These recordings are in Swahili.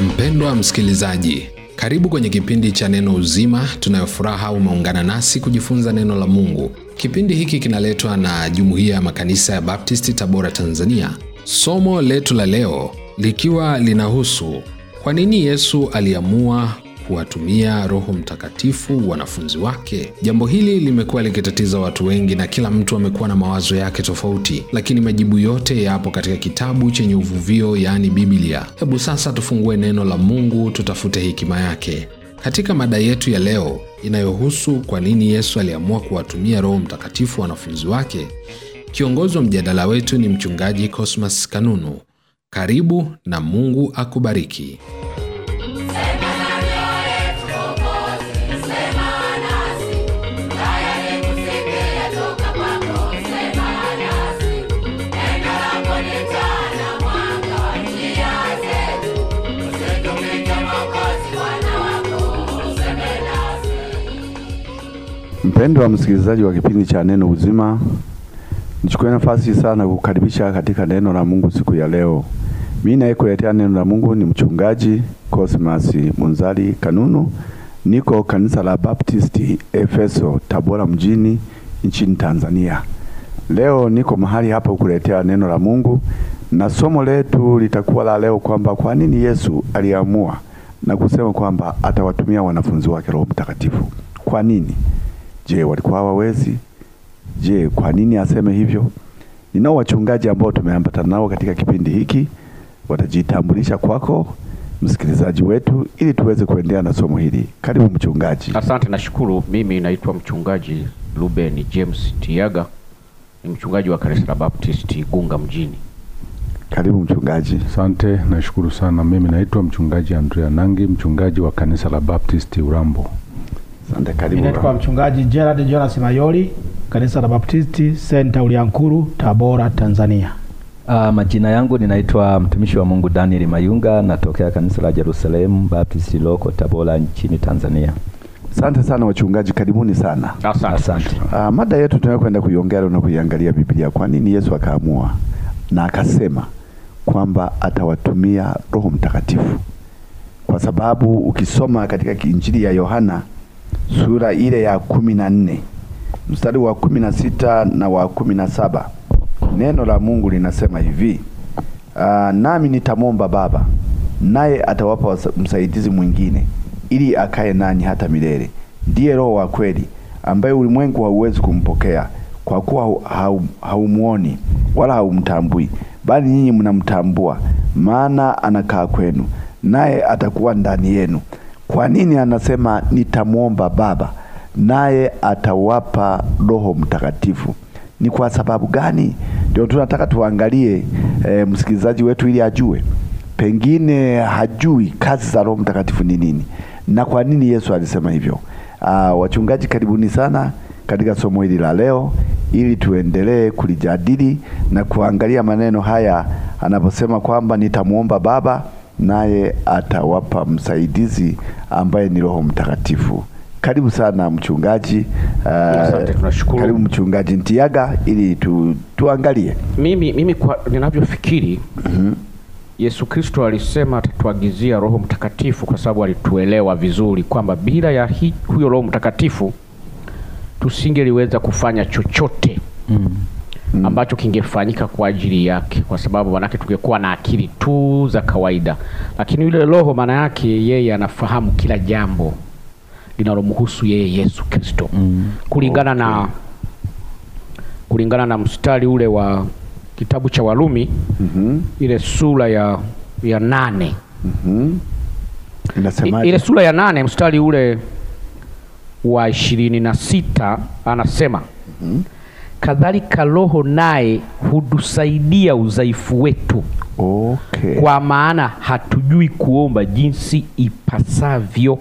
Mpendwa msikilizaji, karibu kwenye kipindi cha Neno Uzima. Tunayofuraha umeungana nasi kujifunza neno la Mungu. Kipindi hiki kinaletwa na Jumuiya ya Makanisa ya Baptisti, Tabora, Tanzania. Somo letu la leo likiwa linahusu kwa nini Yesu aliamua kuwatumia Roho Mtakatifu wanafunzi wake. Jambo hili limekuwa likitatiza watu wengi na kila mtu amekuwa na mawazo yake tofauti, lakini majibu yote yapo katika kitabu chenye uvuvio, yaani Biblia. Hebu sasa tufungue neno la Mungu, tutafute hekima yake katika mada yetu ya leo inayohusu kwa nini Yesu aliamua kuwatumia Roho Mtakatifu wanafunzi wake. Kiongozi wa mjadala wetu ni Mchungaji Cosmas Kanunu. Karibu na Mungu akubariki. Mpendwa msikilizaji wa kipindi cha Neno Uzima, nichukue nafasi sana kukaribisha katika neno la Mungu siku ya leo. Mimi nayekuletea neno la Mungu ni mchungaji Cosmas Munzali Kanunu, niko kanisa la Baptisti Efeso, Tabora mjini nchini Tanzania. Leo niko mahali hapa kukuletea neno la Mungu na somo letu litakuwa la leo kwamba kwa nini Yesu aliamua na kusema kwamba atawatumia wanafunzi wake Roho Mtakatifu. Kwa nini? Je, walikuwa hawawezi? Je, kwa nini aseme hivyo? Ninao wachungaji ambao tumeambatana nao katika kipindi hiki, watajitambulisha kwako msikilizaji wetu, ili tuweze kuendelea na somo hili. Karibu mchungaji. Asante, nashukuru. Mimi naitwa mchungaji Ruben James Tiaga, ni mchungaji wa kanisa la Baptist Igunga mjini. Karibu mchungaji. Asante, nashukuru sana. Mimi naitwa mchungaji Andrea Nangi, mchungaji wa kanisa la Baptist Urambo. Asante, karibu. Ninaitwa mchungaji Gerard Jonas Mayoli, kanisa la Baptisti Center Uliankuru, Tabora, Tanzania. Uh, majina yangu ninaitwa mtumishi wa Mungu Daniel Mayunga, natokea kanisa la Jerusalemu Baptisti loko Tabora nchini Tanzania. Asante sana wachungaji, karibuni sana. Asante. Asante. Uh, mada yetu tunayokwenda kuiongea na kuiangalia Biblia, kwa nini Yesu akaamua na akasema kwamba atawatumia Roho Mtakatifu, kwa sababu ukisoma katika Injili ya Yohana sura ile ya kumi na nne mstari wa kumi na sita na wa kumi na saba neno la Mungu linasema hivi Aa, ah, nami nitamwomba Baba naye atawapa msaidizi mwingine ili akae nanyi hata milele, ndiye Roho wa kweli ambaye ulimwengu hauwezi kumpokea kwa kuwa haumuoni hau, hau wala haumtambui, bali nyinyi mnamtambua, maana anakaa kwenu naye atakuwa ndani yenu. Kwa nini anasema nitamwomba Baba naye atawapa Roho Mtakatifu? Ni kwa sababu gani? Ndio tunataka tuangalie, e, msikilizaji wetu, ili ajue pengine hajui kazi za Roho Mtakatifu ni nini na kwa nini Yesu alisema hivyo. Aa, ah, wachungaji karibuni sana katika somo hili la leo, ili tuendelee kulijadili na kuangalia maneno haya anaposema kwamba nitamwomba Baba naye atawapa msaidizi ambaye ni Roho Mtakatifu. Karibu sana mchungaji. Asante, eh, tunashukuru. Karibu mchungaji Ntiaga ili tu, tuangalie. Mimi, mimi kwa ninavyofikiri mm -hmm. Yesu Kristo alisema atatuagizia Roho Mtakatifu kwa sababu alituelewa vizuri kwamba bila ya hi, huyo Roho Mtakatifu tusingeliweza kufanya chochote mm mm. ambacho kingefanyika kwa ajili yake, kwa sababu manake tungekuwa na akili tu za kawaida, lakini yule Roho maana yake yeye anafahamu kila jambo linalomhusu yeye Yesu Kristo mm. kulingana okay. na kulingana na mstari ule wa kitabu cha Warumi mm -hmm. ile sura ya, ya nane mm -hmm. Inasemaje? Ile sura ya nane mstari ule wa ishirini na sita anasema mm -hmm kadhalika Roho naye hutusaidia udhaifu wetu. Okay. Kwa maana hatujui kuomba jinsi ipasavyo,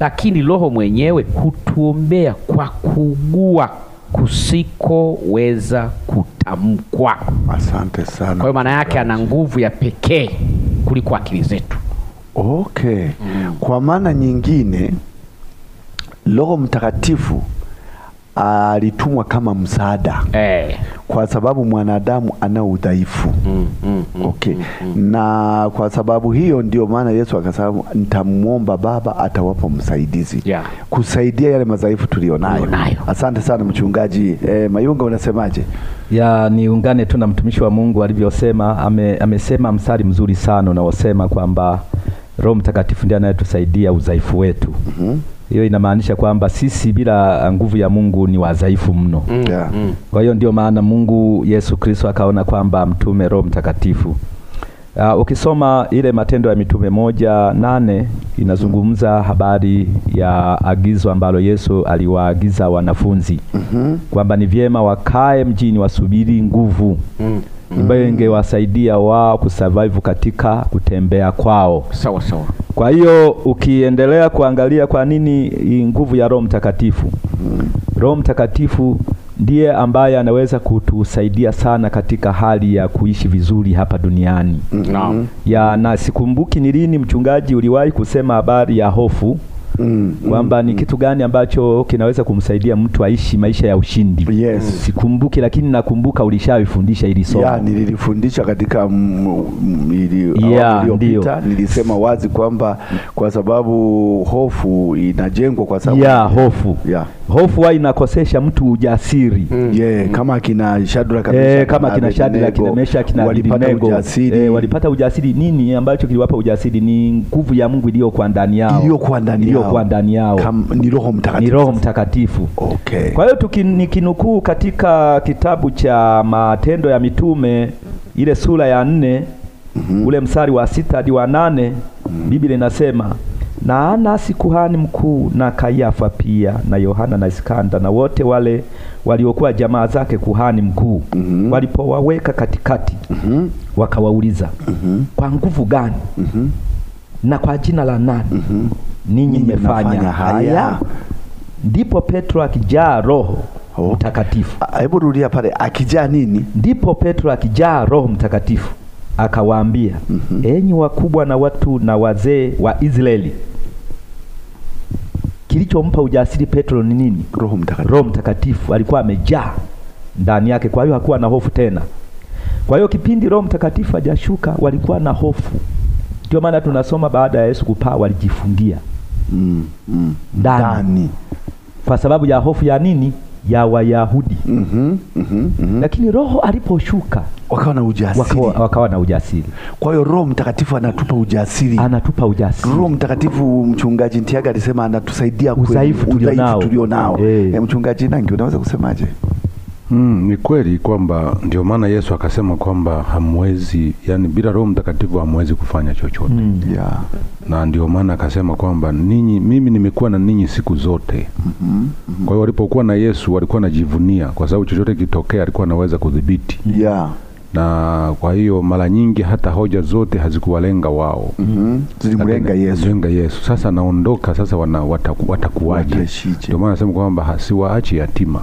lakini Roho mwenyewe hutuombea kwa kuugua kusikoweza kutamkwa. Asante sana. Kwa hiyo maana yake ana nguvu ya pekee kuliko akili zetu. Okay. Mm. Kwa maana nyingine Roho Mtakatifu alitumwa kama msaada eh, Kwa sababu mwanadamu ana udhaifu mm, mm, mm, okay. mm, mm. Na kwa sababu hiyo ndio maana Yesu akasema nitamwomba Baba atawapa msaidizi yeah. Kusaidia yale madhaifu tulionayo. Asante sana mchungaji e, Mayunga, unasemaje? ya niungane tu na mtumishi wa Mungu alivyosema. Ame, amesema msari mzuri sana unaosema kwamba Roho Mtakatifu ndiye anayetusaidia udhaifu wetu mm -hmm hiyo inamaanisha kwamba sisi bila nguvu ya Mungu ni wadhaifu mno. mm. yeah. mm. Kwa hiyo ndio maana Mungu Yesu Kristo akaona kwamba mtume Roho Mtakatifu. Uh, ukisoma ile Matendo ya Mitume moja nane inazungumza habari ya agizo ambalo Yesu aliwaagiza wanafunzi mm -hmm. kwamba ni vyema wakae mjini wasubiri nguvu mm ambayo ingewasaidia wao kusurvive katika kutembea kwao. Sawa sawa. Kwa hiyo ukiendelea kuangalia kwa nini nguvu ya Roho Mtakatifu, Roho Mtakatifu ndiye ambaye anaweza kutusaidia sana katika hali ya kuishi vizuri hapa duniani. Mm Ya na sikumbuki ni lini mchungaji uliwahi kusema habari ya hofu mm, kwamba mm, ni mm. kitu gani ambacho kinaweza kumsaidia mtu aishi maisha ya ushindi. Yes. Sikumbuki, lakini nakumbuka ulishawifundisha ili somo. Yeah, nililifundisha katika ili yeah, nilisema wazi kwamba kwa sababu hofu inajengwa kwa sababu yeah, hofu yeah. Hofu huwa inakosesha mtu ujasiri mm. yeah, kama kina kabisa e, eh, kama kina Shadraka kina Mesha kina Abednego ujasiri. E, walipata ujasiri. Nini ambacho kiliwapa ujasiri? Ni nguvu ya Mungu iliyo kwa ndani yao, iliyo kwa ndani yao, kwa ndani yao, ni Roho Mtakatifu, ni Roho Mtakatifu. Okay, kwa hiyo tukinukinukuu katika kitabu cha Matendo ya Mitume ile sura ya nne mm -hmm. ule msari wa sita hadi wa nane mm -hmm. Biblia inasema na Anasi kuhani mkuu na Kayafa pia na Yohana na Iskanda na wote wale waliokuwa jamaa zake kuhani mkuu mm -hmm. walipowaweka katikati mm -hmm. wakawauliza mm -hmm. kwa nguvu gani mm -hmm. na kwa jina la nani mm -hmm. ninyi mmefanya haya? Ndipo Petro akijaa Roho oh. Mtakatifu. Hebu rudia pale, akijaa nini? Ndipo Petro akijaa Roho Mtakatifu akawaambia, mm -hmm. enyi wakubwa na watu na wazee wa Israeli kilichompa ujasiri Petro ni nini? Roho Mtakatifu. Roho Mtakatifu alikuwa amejaa ndani yake, kwa hiyo hakuwa na hofu tena. Kwa hiyo kipindi Roho Mtakatifu hajashuka walikuwa na hofu, ndio maana tunasoma baada ya Yesu kupaa walijifungia mm, mm, ndani kwa sababu ya hofu ya nini? ya Wayahudi mm -hmm, mm -hmm, mm -hmm. Lakini Roho aliposhuka wakawa na ujasiri, wakawa, wakawa na ujasiri. Kwa hiyo Roho Mtakatifu anatupa ujasiri, anatupa ujasiri. Roho Mtakatifu, Mchungaji Ntiaga alisema anatusaidia udhaifu tulionao. Hey. E, Mchungaji Nangi, unaweza kusemaje? Mm, ni kweli kwamba ndio maana Yesu akasema kwamba hamwezi, yani bila Roho Mtakatifu hamwezi kufanya chochote. Mm. Yeah na ndio maana akasema kwamba ninyi, mimi nimekuwa na ninyi siku zote. mm -hmm, mm -hmm. Kwa hiyo walipokuwa na Yesu walikuwa najivunia kwa sababu chochote kitokea alikuwa anaweza kudhibiti yeah. na kwa hiyo mara nyingi hata hoja zote hazikuwalenga wao, mm -hmm. zilimlenga Yesu. Yesu sasa naondoka sasa, wana wataku, watakuwaje? Ndio maana nasema kwamba siwaachi yatima.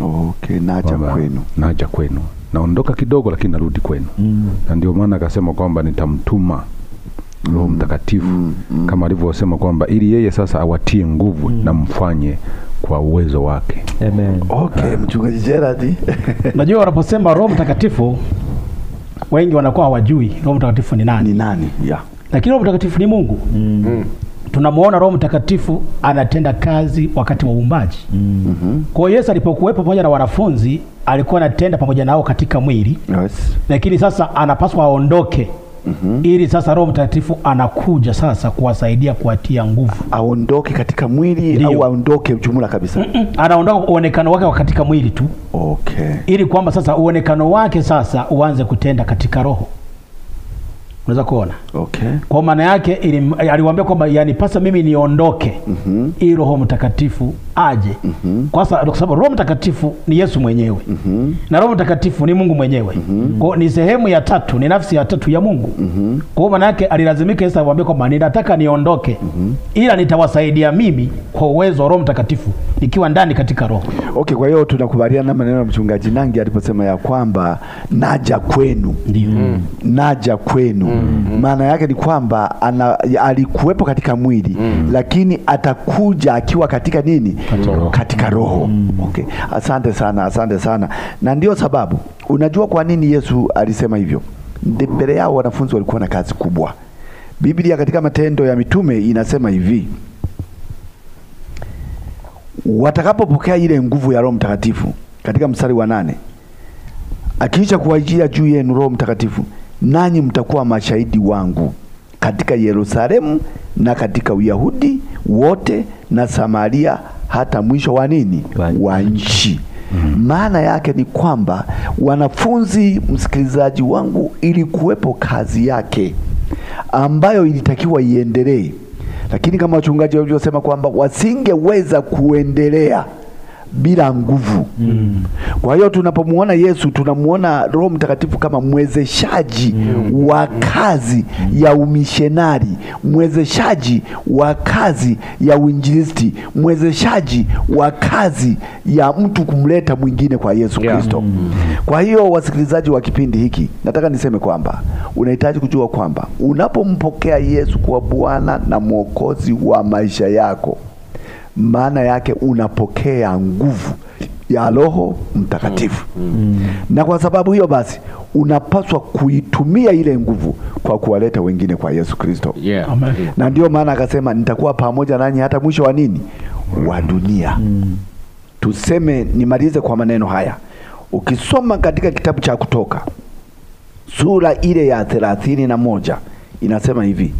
Okay, naacha kwenu, naacha kwenu, naondoka kidogo, lakini narudi kwenu. mm -hmm. na ndio maana akasema kwamba nitamtuma Roho Mtakatifu mm, mm. kama alivyosema kwamba ili yeye sasa awatie nguvu mm. na mfanye kwa uwezo wake. Amen. Okay, ah. mchungaji Gerard. Najua wanaposema Roho Mtakatifu wengi wanakuwa hawajui Roho Mtakatifu ni nani? Ni nani? Yeah. Lakini Roho Mtakatifu ni Mungu mm. mm. Tunamwona Roho Mtakatifu anatenda kazi wakati wa uumbaji mm -hmm. Kwa hiyo Yesu alipokuwepo pamoja na wanafunzi alikuwa anatenda pamoja nao katika mwili yes. Lakini sasa anapaswa aondoke -hmm. ili sasa Roho Mtakatifu anakuja sasa kuwasaidia kuwatia nguvu, aondoke katika mwili au aondoke jumla kabisa mm -mm. anaondoka uonekano wake wa katika mwili tu okay. ili kwamba sasa uonekano wake sasa uanze kutenda katika roho Unaweza kuona okay. Kwa maana yake aliwaambia kwamba yani, pasa mimi niondoke mm -hmm. ili Roho Mtakatifu aje mm -hmm. kwa sababu Roho Mtakatifu ni Yesu mwenyewe mm -hmm. na Roho Mtakatifu ni Mungu mwenyewe mm -hmm. kwa ni sehemu ya tatu, ni nafsi ya tatu ya Mungu mm -hmm. kwa maana yake alilazimika Yesu awaambie kwamba ninataka niondoke mm -hmm. ila nitawasaidia mimi kwa uwezo wa Roho Mtakatifu nikiwa ndani katika Roho. Okay, kwa hiyo tunakubaliana na maneno ya mchungaji Nangi aliposema ya kwamba naja kwenu. ndio Mm. Naja kwenu mm. Mm-hmm. maana yake ni kwamba ana, alikuwepo katika mwili mm. lakini atakuja akiwa katika nini? Katika, katika roho mm. okay. Asante sana, asante sana, na ndio sababu unajua kwa nini Yesu alisema hivyo. Mbele yao wanafunzi walikuwa na kazi kubwa. Biblia katika Matendo ya Mitume inasema hivi watakapopokea ile nguvu ya Roho Mtakatifu katika mstari wa nane, akiisha kuwajia juu yenu Roho Mtakatifu nanyi mtakuwa mashahidi wangu katika Yerusalemu na katika Uyahudi wote na Samaria hata mwisho wa nini wa nchi. Mm-hmm. Maana mm -hmm. yake ni kwamba wanafunzi, msikilizaji wangu, ili kuwepo kazi yake ambayo ilitakiwa iendelee, lakini kama wachungaji walivyosema kwamba wasingeweza kuendelea bila nguvu mm. Kwa hiyo tunapomuona Yesu tunamuona Roho Mtakatifu kama mwezeshaji mm. wa kazi mm. ya umishenari, mwezeshaji wa kazi ya uinjilisti, mwezeshaji wa kazi ya mtu kumleta mwingine kwa Yesu yeah. Kristo mm. Kwa hiyo wasikilizaji wa kipindi hiki, nataka niseme kwamba unahitaji kujua kwamba unapompokea Yesu kuwa Bwana na Mwokozi wa maisha yako maana yake unapokea nguvu ya Roho Mtakatifu mm, mm. Na kwa sababu hiyo basi unapaswa kuitumia ile nguvu kwa kuwaleta wengine kwa Yesu Kristo yeah. Na ndiyo maana akasema nitakuwa pamoja nanyi hata mwisho wa nini wa dunia mm. Tuseme, nimalize kwa maneno haya, ukisoma katika kitabu cha Kutoka sura ile ya thelathini na moja inasema hivi,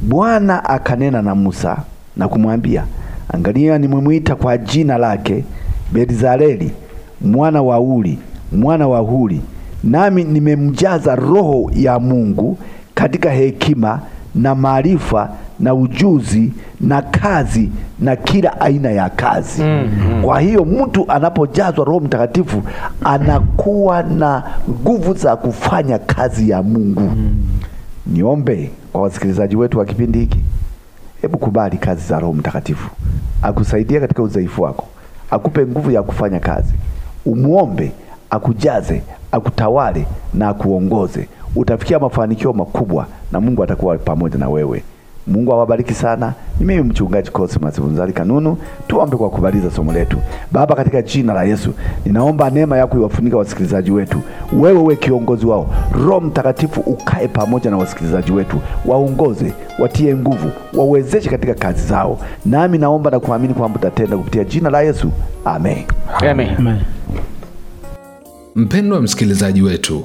Bwana akanena na Musa na kumwambia Angalia, nimemwita kwa jina lake Belizareli mwana wa uli mwana wa Huli, nami nimemjaza roho ya Mungu katika hekima na maarifa na ujuzi na kazi na kila aina ya kazi. mm -hmm. Kwa hiyo mtu anapojazwa Roho Mtakatifu anakuwa na nguvu za kufanya kazi ya Mungu. mm -hmm. Niombe kwa wasikilizaji wetu wa kipindi hiki, hebu kubali kazi za Roho Mtakatifu akusaidia katika udhaifu wako, akupe nguvu ya kufanya kazi. Umuombe akujaze, akutawale na akuongoze. Utafikia mafanikio makubwa, na Mungu atakuwa pamoja na wewe. Mungu awabariki sana. Ni mimi mchungaji Cosmas Bunzali Kanunu. Tuombe kwa kubaliza somo letu. Baba, katika jina la Yesu, ninaomba neema yako iwafunika wasikilizaji wetu. Wewe uwe kiongozi wao. Roho Mtakatifu ukae pamoja na wasikilizaji wetu, waongoze, watie nguvu, wawezeshe katika kazi zao. Nami naomba na kuamini kwamba utatenda kupitia jina la Yesu. Amen. Amen. Amen. Mpendwa msikilizaji wetu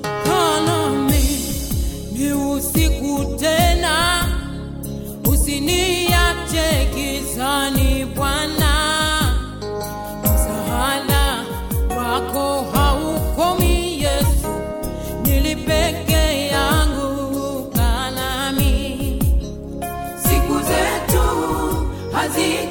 melody.